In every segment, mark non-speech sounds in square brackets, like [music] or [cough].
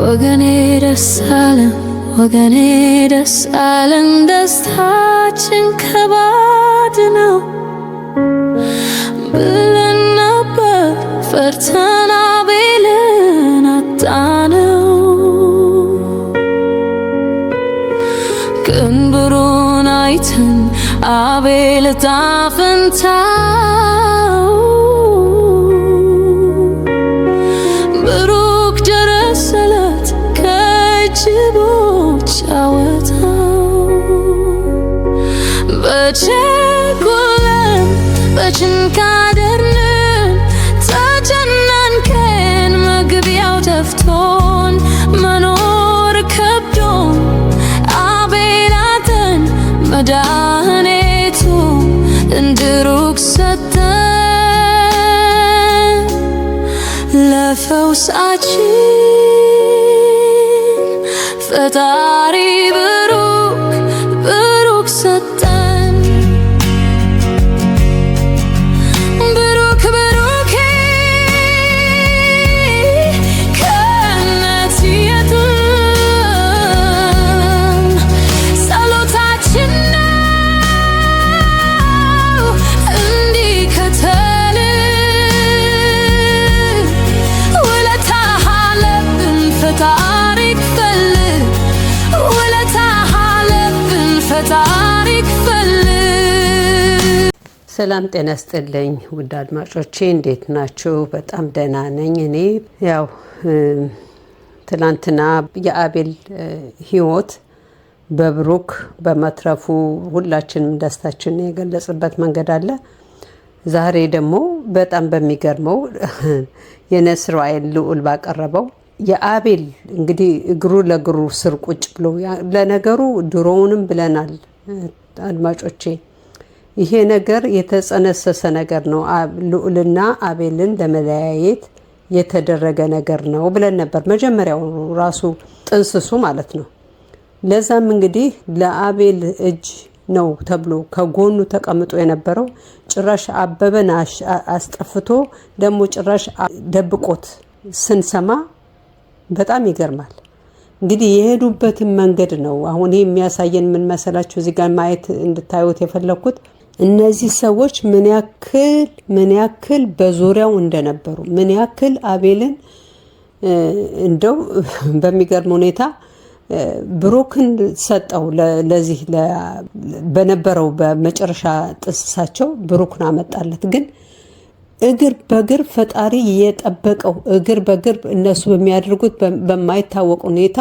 ወገኔ ደስ አለን፣ ወገኔ ደስ አለን፣ ደስታችን ከባድ ነው ብለን ነበር ፈርተና ቤልን አጣነው። ቅንብሩን አይተን አቤል ጣፍንታ በቸኮለን በችንካደርንን ተጨናንቀን መግቢያው ተፍቶን መኖር ከብዶን አቤላተን መድኃኒቱ እንድሩቅ ሰጠን ለፈውሳችን ፈጣሪ ሰላም ጤና ስጥልኝ ውድ አድማጮቼ እንዴት ናችሁ? በጣም ደህና ነኝ። እኔ ያው ትናንትና የአቤል ህይወት በብሩክ በመትረፉ ሁላችንም ደስታችን የገለጽበት መንገድ አለ። ዛሬ ደግሞ በጣም በሚገርመው [laughs] የነስራኤል ልዑል ባቀረበው የአቤል እንግዲህ እግሩ ለእግሩ ስር ቁጭ ብሎ ለነገሩ ድሮውንም ብለናል አድማጮቼ ይሄ ነገር የተጸነሰሰ ነገር ነው። ልዑልና አቤልን ለመለያየት የተደረገ ነገር ነው ብለን ነበር መጀመሪያው ራሱ ጥንስሱ ማለት ነው። ለዛም እንግዲህ ለአቤል እጅ ነው ተብሎ ከጎኑ ተቀምጦ የነበረው ጭራሽ አበበን አስጠፍቶ ደግሞ ጭራሽ ደብቆት ስንሰማ በጣም ይገርማል። እንግዲህ የሄዱበትን መንገድ ነው አሁን ይህ የሚያሳየን ምን መሰላችሁ? እዚህ ጋር ማየት እንድታዩት የፈለግኩት እነዚህ ሰዎች ምን ያክል ምን ያክል በዙሪያው እንደነበሩ ምን ያክል አቤልን እንደው [laughs] በሚገርም ሁኔታ ብሩክን ሰጠው። ለዚህ በነበረው በመጨረሻ ጥስሳቸው ብሩክን አመጣለት። ግን እግር በእግር ፈጣሪ የጠበቀው እግር በእግር እነሱ በሚያደርጉት በማይታወቅ ሁኔታ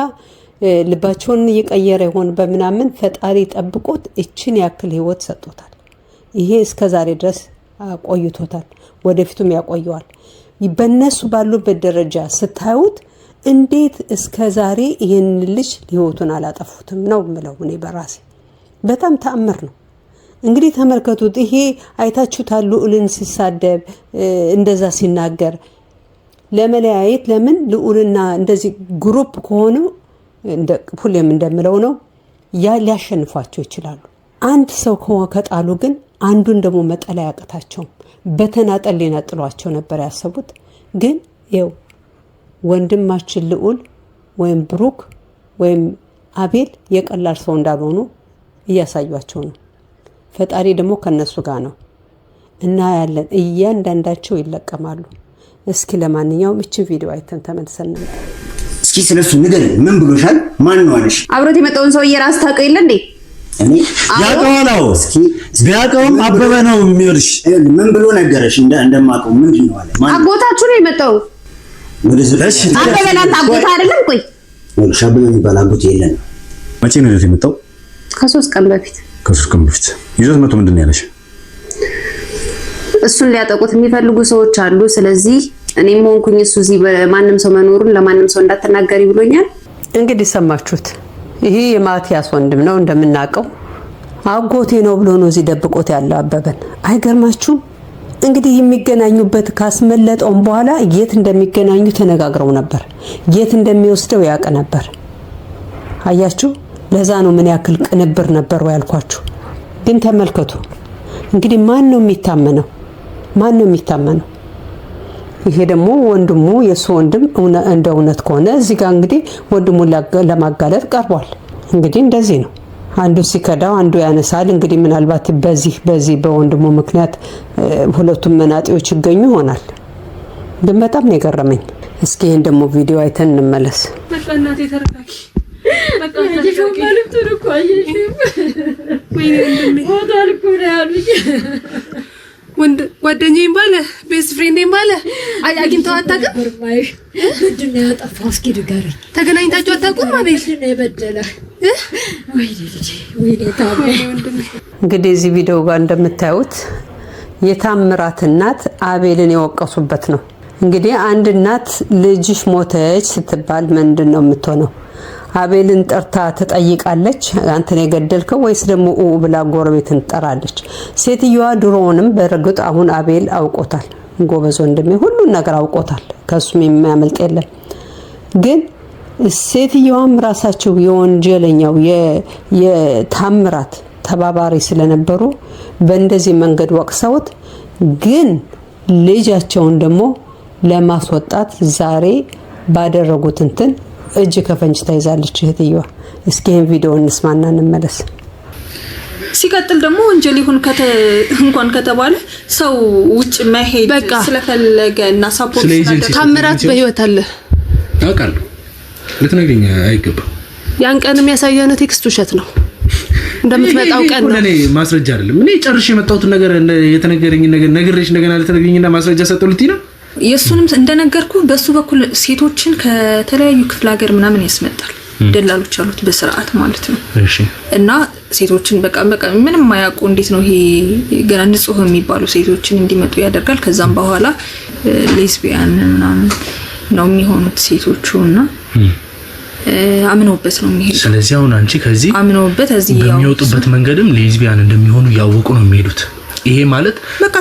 ልባቸውን እየቀየረ ይሆን በምናምን ፈጣሪ ጠብቆት እችን ያክል ህይወት ሰጥቶታል። ይሄ እስከ ዛሬ ድረስ ቆይቶታል፣ ወደፊቱም ያቆየዋል። በነሱ ባሉበት ደረጃ ስታዩት እንዴት እስከ ዛሬ ይህን ልጅ ህይወቱን አላጠፉትም ነው ምለው እኔ በራሴ በጣም ተአምር ነው። እንግዲህ ተመልከቱት። ይሄ አይታችሁታል፣ ልዑልን ሲሳደብ እንደዛ ሲናገር ለመለያየት ለምን ልዑልና እንደዚህ ግሩፕ ከሆኑ ሁሌም እንደምለው ነው ያ ሊያሸንፏቸው ይችላሉ። አንድ ሰው ከጣሉ ግን አንዱን ደግሞ መጠል አያቅታቸውም። በተናጠል ሊነጥሏቸው ነበር ያሰቡት። ግን ይኸው ወንድማችን ልዑል ወይም ብሩክ ወይም አቤል የቀላል ሰው እንዳልሆኑ እያሳዩቸው ነው። ፈጣሪ ደግሞ ከነሱ ጋር ነው እና ያለን እያንዳንዳቸው ይለቀማሉ። እስኪ ለማንኛውም እችን ቪዲዮ አይተን ተመልሰን እስኪ ስለሱ ንገር። ምን ብሎሻል? ማን ነው አለሽ? አብሮት የመጣውን ሰውዬ ራስ ታውቀው የለ እንዴ? ያቀዋ ነው እስኪ ቢያውቀውም አበበ ነው የሚወድሽ። ምን ብሎ ነገረሽ? እንደማቀው ምንድን ነው አለ። አጎታችሁ ነው የመጣው። አበበ ላንተ አጎታ አይደለም? ቆይ ሻብለ የሚባል አጎት የለም። መቼ ነው ይዞት የመጣው? ከሶስት ቀን በፊት። ከሶስት ቀን በፊት ይዞት መቶ ምንድን ነው ያለሽ? እሱን ሊያጠቁት የሚፈልጉ ሰዎች አሉ። ስለዚህ እኔም ሆንኩኝ እሱ እዚህ ማንም ሰው መኖሩን ለማንም ሰው እንዳትናገሪ ብሎኛል። እንግዲህ ሰማችሁት። ይሄ የማቲያስ ወንድም ነው እንደምናውቀው አጎቴ ነው ብሎ ነው እዚህ ደብቆት ያለው አበበን። አይገርማችሁም? እንግዲህ የሚገናኙበት ካስመለጠውም በኋላ የት እንደሚገናኙ ተነጋግረው ነበር። የት እንደሚወስደው ያውቅ ነበር። አያችሁ፣ ለዛ ነው ምን ያክል ቅንብር ነበር ያልኳችሁ። ግን ተመልከቱ እንግዲህ ማን ነው የሚታመነው? ማን ነው የሚታመነው? ይሄ ደግሞ ወንድሙ የእሱ ወንድም እንደ እውነት ከሆነ እዚህ ጋር እንግዲህ ወንድሙን ለማጋለጥ ቀርቧል። እንግዲህ እንደዚህ ነው። አንዱ ሲከዳው አንዱ ያነሳል። እንግዲህ ምናልባት በዚህ በዚህ በወንድሙ ምክንያት ሁለቱም መናጤዎች ይገኙ ይሆናል። ግን በጣም ነው የገረመኝ። እስኪ ይህን ደግሞ ቪዲዮ አይተን እንመለስ። ወንድ ጓደኛዬም ባለ ቤስት ፍሬንዴም ባለ አግኝተው አታውቅም። ምንድን ነው እስኪ ተገናኝታችሁ አታውቁም? አቤል እንግዲህ እዚህ ቪዲዮ ጋር እንደምታዩት የታምራት እናት አቤልን የወቀሱበት ነው። እንግዲህ አንድ እናት ልጅሽ ሞተች ስትባል ምንድን ነው የምትሆነው? አቤልን ጠርታ ትጠይቃለች፣ አንተን የገደልከው ወይስ ደግሞ ኡ ብላ ጎረቤትን ትጠራለች። ሴትዮዋ ድሮውንም በእርግጥ አሁን አቤል አውቆታል፣ ጎበዝ ወንድሜ ሁሉን ነገር አውቆታል። ከሱም የሚያመልጥ የለም። ግን ሴትዮዋም ራሳቸው የወንጀለኛው የታምራት ተባባሪ ስለነበሩ በእንደዚህ መንገድ ወቅሰውት፣ ግን ልጃቸውን ደግሞ ለማስወጣት ዛሬ ባደረጉት እንትን እጅ ከፈንጅ ተይዛለች እህትየዋ። እስኪ ይህን ቪዲዮ እንስማና እንመለስ። ሲቀጥል ደግሞ ወንጀል ይሁን እንኳን ከተባለ ሰው ውጭ መሄድ ስለፈለገ እና ሳፖርት ታምራት በህይወት አለ አውቃለሁ። ልትነግሪኝ አይገባም። ያን ቀን የሚያሳየው ቴክስት ውሸት ነው። እንደምትመጣው ቀን ነው። እኔ ማስረጃ አይደለም እኔ ጨርሼ የመጣሁትን ነገር የተነገረኝን ነገር ነግሬሽ እንደገና ልትነግሪኝና ማስረጃ ሰጠሁልኝ ነው የእሱንም እንደነገርኩ በሱ በኩል ሴቶችን ከተለያዩ ክፍለ ሀገር ምናምን ያስመጣል። ደላሎች አሉት በስርዓት ማለት ነው። እና ሴቶችን በቃ በቃ ምንም ማያውቁ እንዴት ነው ይሄ ገና ንጹህ የሚባሉ ሴቶችን እንዲመጡ ያደርጋል። ከዛም በኋላ ሌስቢያን ምናምን ነው የሚሆኑት ሴቶቹ እና አምነውበት ነው የሚሄዱ። ስለዚህ አሁን አንቺ ከዚህ አምነውበት እዚህ በሚወጡበት መንገድም ሌዝቢያን እንደሚሆኑ እያወቁ ነው የሚሄዱት ይሄ ማለት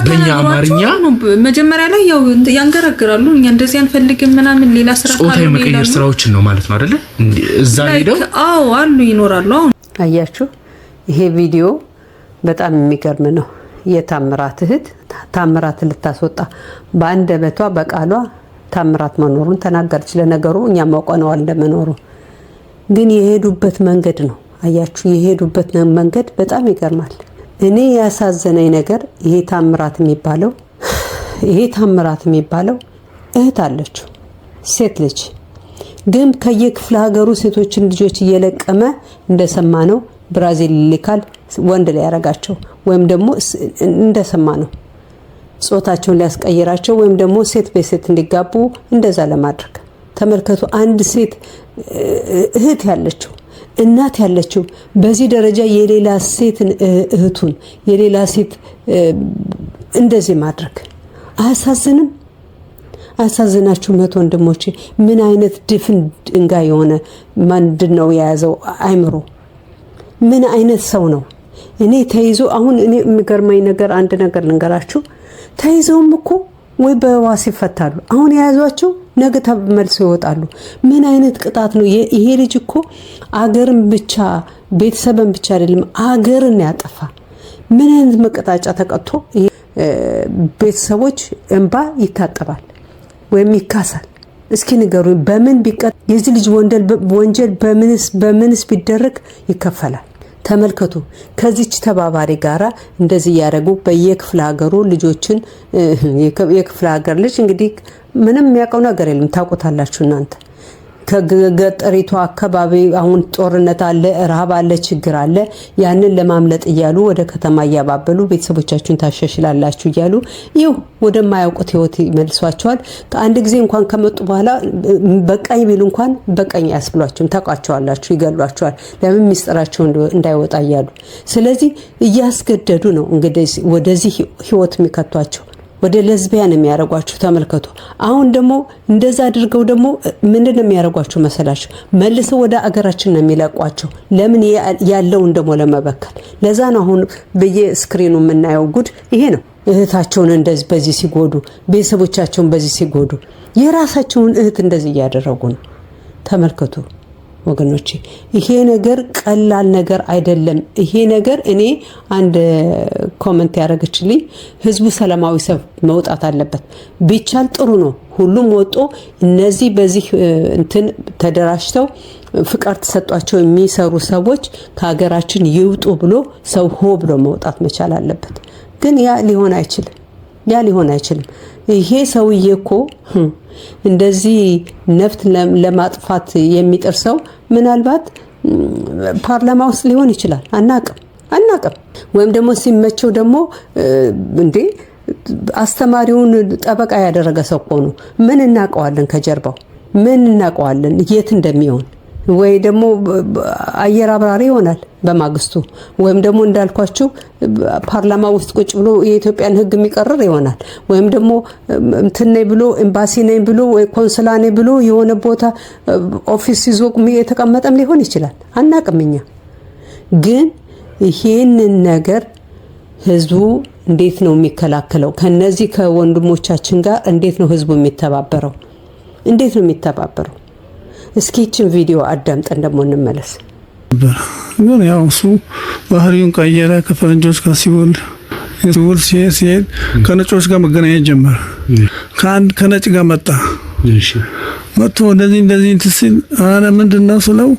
በእኛ አማርኛ መጀመሪያ ላይ ያው ያንገራግራሉ። እኛ እንደዚህ አንፈልግም ምናምን ሌላ ስራ ጾታ የመቀየር ስራዎችን ነው ማለት ነው አይደለ? እዛ ሄደው አዎ አሉ ይኖራሉ። አሁን አያችሁ፣ ይሄ ቪዲዮ በጣም የሚገርም ነው። የታምራት እህት ታምራት ልታስወጣ በአንደበቷ በቃሏ ታምራት መኖሩን ተናገረች። ለነገሩ እኛ ማውቀነው እንደመኖሩ ግን የሄዱበት መንገድ ነው አያችሁ፣ የሄዱበት መንገድ በጣም ይገርማል። እኔ ያሳዘነኝ ነገር ይሄ ታምራት የሚባለው [sighs] ይሄ ታምራት የሚባለው እህት አለችው ሴት ልጅ ግን ከየክፍለ ሀገሩ ሴቶችን ልጆች እየለቀመ እንደሰማ ነው ብራዚል ይልካል ወንድ ላይ ያረጋቸው ወይም ደግሞ እንደሰማ ነው ጾታቸውን ሊያስቀይራቸው ወይም ደግሞ ሴት በሴት እንዲጋቡ እንደዛ ለማድረግ ተመልከቱ አንድ ሴት እህት ያለችው እናት ያለችው በዚህ ደረጃ የሌላ ሴት እህቱን የሌላ ሴት እንደዚህ ማድረግ አያሳዝንም? አያሳዝናችሁ? መቶ ወንድሞቼ፣ ምን አይነት ድፍን ድንጋይ የሆነ ምንድን ነው የያዘው አይምሮ? ምን አይነት ሰው ነው? እኔ ተይዞ አሁን እኔ የሚገርመኝ ነገር አንድ ነገር ልንገራችሁ። ተይዘውም እኮ ወይ በዋስ ይፈታሉ። አሁን የያዟቸው ነገ ተመልሶ ይወጣሉ። ምን አይነት ቅጣት ነው ይሄ? ልጅ እኮ አገርን ብቻ ቤተሰብን ብቻ አይደለም አገርን ያጠፋ። ምን አይነት መቀጣጫ ተቀጥቶ ቤተሰቦች እንባ ይታጠባል ወይም ይካሳል? እስኪ ንገሩ፣ በምን ቢቀጥ የዚህ ልጅ ወንጀል በምንስ ቢደረግ ይከፈላል? ተመልከቱ። ከዚች ተባባሪ ጋራ እንደዚህ እያደረጉ በየክፍለ ሀገሩ ልጆችን የክፍለ ሀገር ልጅ እንግዲህ ምንም የሚያውቀው ነገር የለም ታውቁታላችሁ እናንተ ከገጠሪቱ አካባቢ አሁን ጦርነት አለ፣ ረሃብ አለ፣ ችግር አለ። ያንን ለማምለጥ እያሉ ወደ ከተማ እያባበሉ ቤተሰቦቻችሁን ታሻሽላላችሁ እያሉ ይህ ወደማያውቁት ህይወት ይመልሷቸዋል። ከአንድ ጊዜ እንኳን ከመጡ በኋላ በቀኝ ቢሉ እንኳን በቀኝ አያስብሏቸውም። ታውቋቸዋላችሁ፣ ይገሏቸዋል። ለምን ሚስጥራቸው እንዳይወጣ እያሉ ስለዚህ እያስገደዱ ነው እንግዲህ ወደዚህ ህይወት የሚከቷቸው ወደ ነው የሚያደርጓችሁ ተመልከቱ። አሁን ደግሞ እንደዛ አድርገው ደግሞ ምንድን የሚያደርጓችሁ መሰላችሁ? መልሰው ወደ አገራችን ነው የሚለቋቸው። ለምን ያለውን ደግሞ ለመበከል። ለዛ ነው አሁን በየስክሪኑ የምናየው ጉድ ይሄ ነው። እህታቸውን እንደዚህ በዚህ ሲጎዱ፣ ቤተሰቦቻቸውን በዚህ ሲጎዱ፣ የራሳቸውን እህት እንደዚህ እያደረጉ ነው። ተመልከቱ። ወገኖቼ ይሄ ነገር ቀላል ነገር አይደለም። ይሄ ነገር እኔ አንድ ኮመንት ያደረገችልኝ ህዝቡ ሰላማዊ ሰልፍ መውጣት አለበት ቢቻል ጥሩ ነው። ሁሉም ወጦ እነዚህ በዚህ እንትን ተደራጅተው ፍቃድ ተሰጧቸው የሚሰሩ ሰዎች ከሀገራችን ይውጡ ብሎ ሰው ሆ ብሎ መውጣት መቻል አለበት። ግን ያ ሊሆን አይችልም። ያ ሊሆን አይችልም። ይሄ ሰውዬ እኮ እንደዚህ ነፍት ለማጥፋት የሚጥር ሰው ምናልባት ፓርላማ ውስጥ ሊሆን ይችላል። አናቅም አናቅም። ወይም ደግሞ ሲመቸው ደግሞ እንዴ አስተማሪውን ጠበቃ ያደረገ ሰው እኮ ነው። ምን እናውቀዋለን? ከጀርባው ምን እናውቀዋለን? የት እንደሚሆን ወይ ደግሞ አየር አብራሪ ይሆናል በማግስቱ ወይም ደግሞ እንዳልኳችሁ ፓርላማ ውስጥ ቁጭ ብሎ የኢትዮጵያን ሕግ የሚቀርር ይሆናል ወይም ደግሞ እንትን ነኝ ብሎ ኤምባሲ ነኝ ብሎ ወይ ኮንስላ ነኝ ብሎ የሆነ ቦታ ኦፊስ ይዞ የተቀመጠም ሊሆን ይችላል። አናቅም እኛ ግን ይሄንን ነገር ህዝቡ እንዴት ነው የሚከላከለው? ከነዚህ ከወንድሞቻችን ጋር እንዴት ነው ህዝቡ የሚተባበረው? እንዴት ነው የሚተባበረው? እስኪ ይችን ቪዲዮ አዳምጠን ደግሞ እንመለስ። ግን ያው እሱ ባህሪውን ቀየረ። ከፈረንጆች ጋር ሲውል ሲውል ሲሄድ ሲሄድ ከነጮች ጋር መገናኘት ጀመረ። ከአንድ ከነጭ ጋር መጣ መጥቶ እንደዚህ እንደዚህ እንትን ሲል አረ ምንድን ነው ስለው፣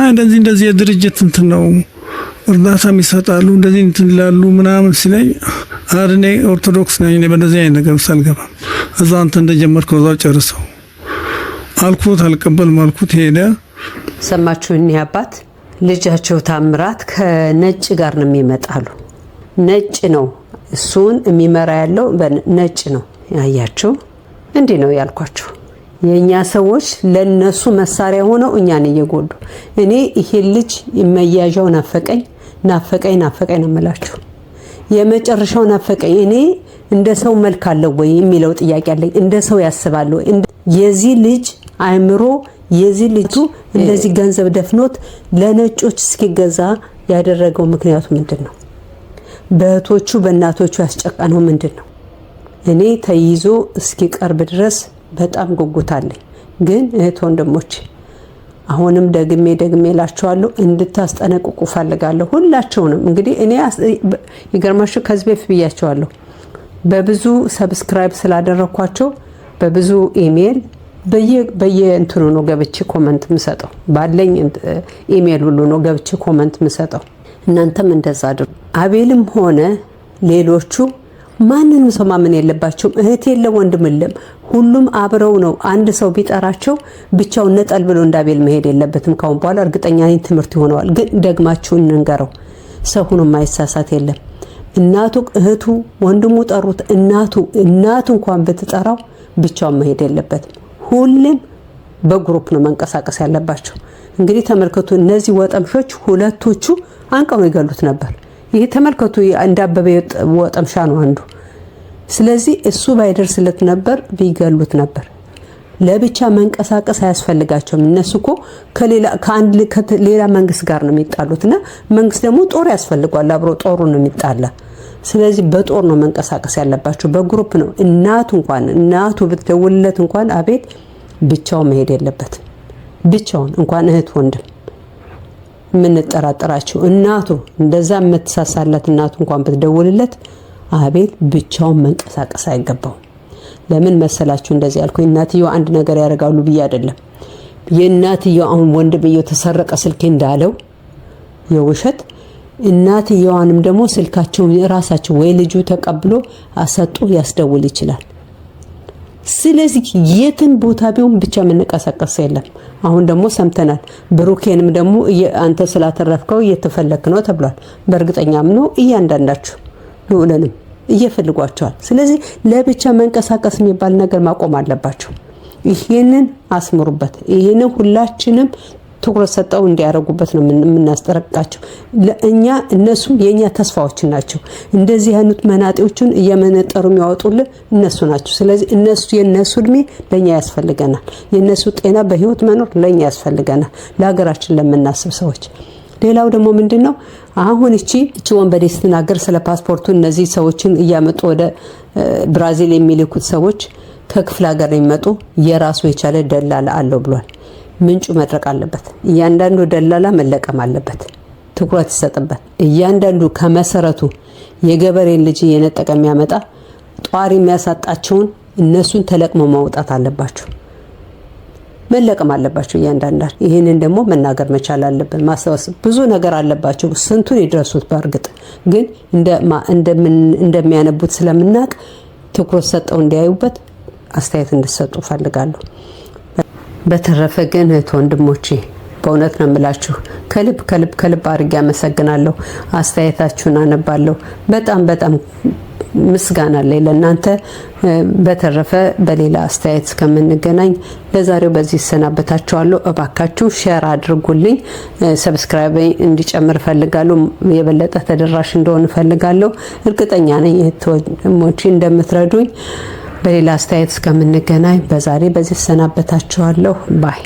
አይ እንደዚህ እንደዚህ የድርጅት እንትን ነው እርዳታም ይሰጣሉ እንደዚህ እንትን ይላሉ ምናምን ሲለኝ፣ አረ እኔ ኦርቶዶክስ ነኝ፣ እኔ በእንደዚህ አይነት ነገር ውስጥ አልገባም። እዛው አንተ እንደጀመርከው እዛው ጨርሰው አልኩት፣ አልቀበልም አልኩት፣ ሄደ። ሰማችሁ? እኒህ አባት ልጃቸው ታምራት ከነጭ ጋር ነው የሚመጣሉ። ነጭ ነው እሱን የሚመራ ያለው ነጭ ነው። ያያችሁ? እንዲህ ነው ያልኳችሁ። የእኛ ሰዎች ለነሱ መሳሪያ ሆነው እኛን እየጎዱ እኔ ይሄ ልጅ መያዣው ናፈቀኝ ናፈቀኝ ናፈቀኝ ነው የምላችሁ። የመጨረሻው ናፈቀኝ። እኔ እንደ ሰው መልክ አለው ወይ የሚለው ጥያቄ አለኝ። እንደ ሰው ያስባለሁ የዚህ ልጅ አእምሮ የዚህ ልጁ እንደዚህ ገንዘብ ደፍኖት ለነጮች እስኪገዛ ያደረገው ምክንያቱ ምንድን ነው? በእህቶቹ በእናቶቹ ያስጨቀነው ምንድን ነው? እኔ ተይዞ እስኪቀርብ ድረስ በጣም ጉጉታለኝ። ግን እህት ወንድሞች፣ አሁንም ደግሜ ደግሜ ላቸዋለሁ እንድታስጠነቅቁ ፈልጋለሁ። ሁላቸውንም እንግዲህ እኔ የገርማቸው ከዚህ በፊት ብያቸዋለሁ። በብዙ ሰብስክራይብ ስላደረግኳቸው በብዙ ኢሜይል በየእንትኑ ነው ገብቼ ኮመንት ምሰጠው፣ ባለኝ ኢሜል ሁሉ ነው ገብቼ ኮመንት ምሰጠው። እናንተም እንደዛ አድርጉ። አቤልም ሆነ ሌሎቹ ማንንም ሰው ማመን የለባቸውም። እህት የለም ወንድም የለም፣ ሁሉም አብረው ነው። አንድ ሰው ቢጠራቸው ብቻውን ነጠል ብሎ እንዳቤል መሄድ የለበትም። ካሁን በኋላ እርግጠኛ ነኝ ትምህርት ይሆነዋል። ግን ደግማችሁ እንንገረው፣ ሰው ሁኑ ማይሳሳት የለም። እናቱ እህቱ፣ ወንድሙ ጠሩት፣ እናቱ እናቱ እንኳን ብትጠራው ብቻውን መሄድ የለበትም። ሁሌም በግሩፕ ነው መንቀሳቀስ ያለባቸው። እንግዲህ ተመልከቱ፣ እነዚህ ወጠምሾች ሁለቶቹ አንቀው ነው ይገሉት ነበር። ይሄ ተመልከቱ፣ እንዳበበ ወጠምሻ ነው አንዱ። ስለዚህ እሱ ባይደርስለት ነበር ቢገሉት ነበር። ለብቻ መንቀሳቀስ አያስፈልጋቸውም። እነሱ እኮ ከሌላ መንግስት ጋር ነው የሚጣሉት እና መንግስት ደግሞ ጦር ያስፈልጓል። አብሮ ጦሩ ነው የሚጣላ ስለዚህ በጦር ነው መንቀሳቀስ ያለባቸው፣ በግሩፕ ነው። እናቱ እንኳን እናቱ ብትደውልለት እንኳን አቤት ብቻውን መሄድ የለበትም። ብቻውን እንኳን እህት ወንድም የምንጠራጠራቸው እናቱ እንደዛ የምትሳሳለት እናቱ እንኳን ብትደውልለት አቤት ብቻውን መንቀሳቀስ አይገባውም። ለምን መሰላችሁ እንደዚህ ያልኩ? እናትየው አንድ ነገር ያደርጋሉ ብዬ አይደለም። የእናትየው አሁን ወንድምየው ተሰረቀ ስልኬ እንዳለው የውሸት እናትየዋንም ደግሞ ስልካቸውን ራሳቸው ወይ ልጁ ተቀብሎ አሰጡ ያስደውል ይችላል። ስለዚህ የትን ቦታ ቢሆን ብቻ የምንቀሳቀስ የለም። አሁን ደግሞ ሰምተናል። ብሩኬንም ደግሞ አንተ ስላተረፍከው እየተፈለክ ነው ተብሏል። በእርግጠኛም ነው እያንዳንዳችሁ ልዑለንም እየፈልጓቸዋል። ስለዚህ ለብቻ መንቀሳቀስ የሚባል ነገር ማቆም አለባቸው። ይህንን አስምሩበት። ይህንን ሁላችንም ትኩረት ሰጠው እንዲያደርጉበት ነው የምናስጠረቅቃቸው። ለእኛ እነሱ የእኛ ተስፋዎች ናቸው። እንደዚህ አይነት መናጤዎችን እየመነጠሩ የሚያወጡልን እነሱ ናቸው። ስለዚህ እነሱ የእነሱ እድሜ ለእኛ ያስፈልገናል። የእነሱ ጤና በህይወት መኖር ለእኛ ያስፈልገናል፣ ለሀገራችን ለምናስብ ሰዎች። ሌላው ደግሞ ምንድን ነው አሁን እቺ እቺ ወንበዴ ስትናገር ስለ ፓስፖርቱ እነዚህ ሰዎችን እያመጡ ወደ ብራዚል የሚልኩት ሰዎች ከክፍለ ሀገር የሚመጡ የራሱ የቻለ ደላል አለው ብሏል። ምንጩ መድረቅ አለበት። እያንዳንዱ ደላላ መለቀም አለበት። ትኩረት ይሰጥበት። እያንዳንዱ ከመሰረቱ የገበሬን ልጅ እየነጠቀ የሚያመጣ ጧሪ የሚያሳጣቸውን እነሱን ተለቅሞ ማውጣት አለባቸው። መለቀም አለባቸው እያንዳንዳቸው። ይህንን ደግሞ መናገር መቻል አለብን። ማስታወስ ብዙ ነገር አለባቸው። ስንቱን የደረሱት በእርግጥ ግን እንደሚያነቡት ስለምናውቅ ትኩረት ሰጠው እንዲያዩበት አስተያየት እንድሰጡ ፈልጋለሁ። በተረፈ ግን እህት ወንድሞቼ በእውነት ነው የምላችሁ። ከልብ ከልብ ከልብ አድርጌ አመሰግናለሁ። አስተያየታችሁን አነባለሁ። በጣም በጣም ምስጋና ላይ ለእናንተ። በተረፈ በሌላ አስተያየት እስከምንገናኝ ለዛሬው በዚህ ይሰናበታችኋለሁ። እባካችሁ ሼር አድርጉልኝ፣ ሰብስክራይብ እንዲጨምር እፈልጋለሁ። የበለጠ ተደራሽ እንደሆን እፈልጋለሁ። እርግጠኛ ነኝ ሞቼ እንደምትረዱኝ በሌላ አስተያየት እስከምንገናኝ በዛሬ በዚህ ሰናበታችኋለሁ። ባይ